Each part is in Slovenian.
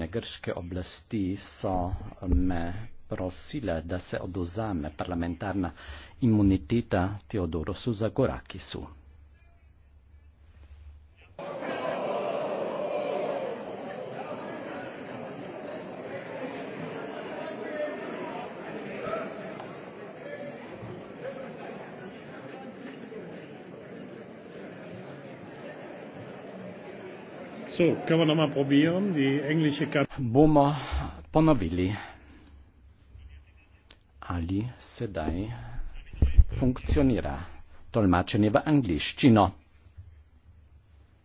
Ne grške oblasti so me prosile, da se oduzame parlamentarna imuniteta Teodorosu Zagorakisu. bomo ponovili ali sedaj funkcionira tolmačenje v angliščino.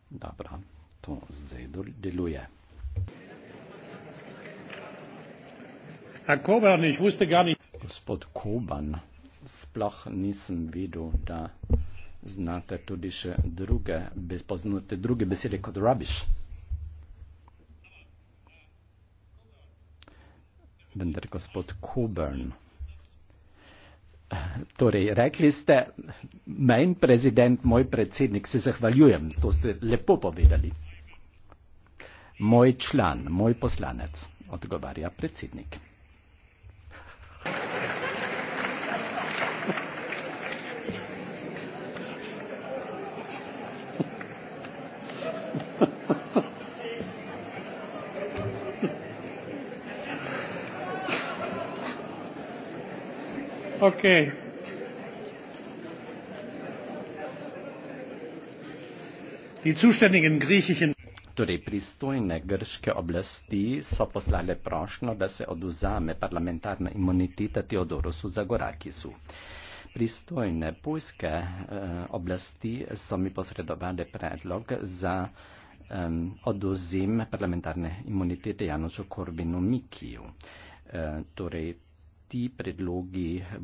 Dobro, to zdaj deluje. Koban, ich gar nicht. Gospod Koban, sploh nisem vedel, da znate tudi še druge, poznate druge besede kot rubbish. vendar gospod Coburn. Torej, rekli ste, menj prezident, moj predsednik, se zahvaljujem, to ste lepo povedali. Moj član, moj poslanec, odgovarja predsednik. Ok. Torej, pristojne grške oblasti so poslale prošlo, da se oduzame parlamentarna imuniteta Teodorosu Zagorakisu. Pristojne pojske eh, oblasti so mi posredovale predlog za eh, oduzem parlamentarne imunitete Janusu Korbinu Mikiju. Eh, torej, ti predlogi.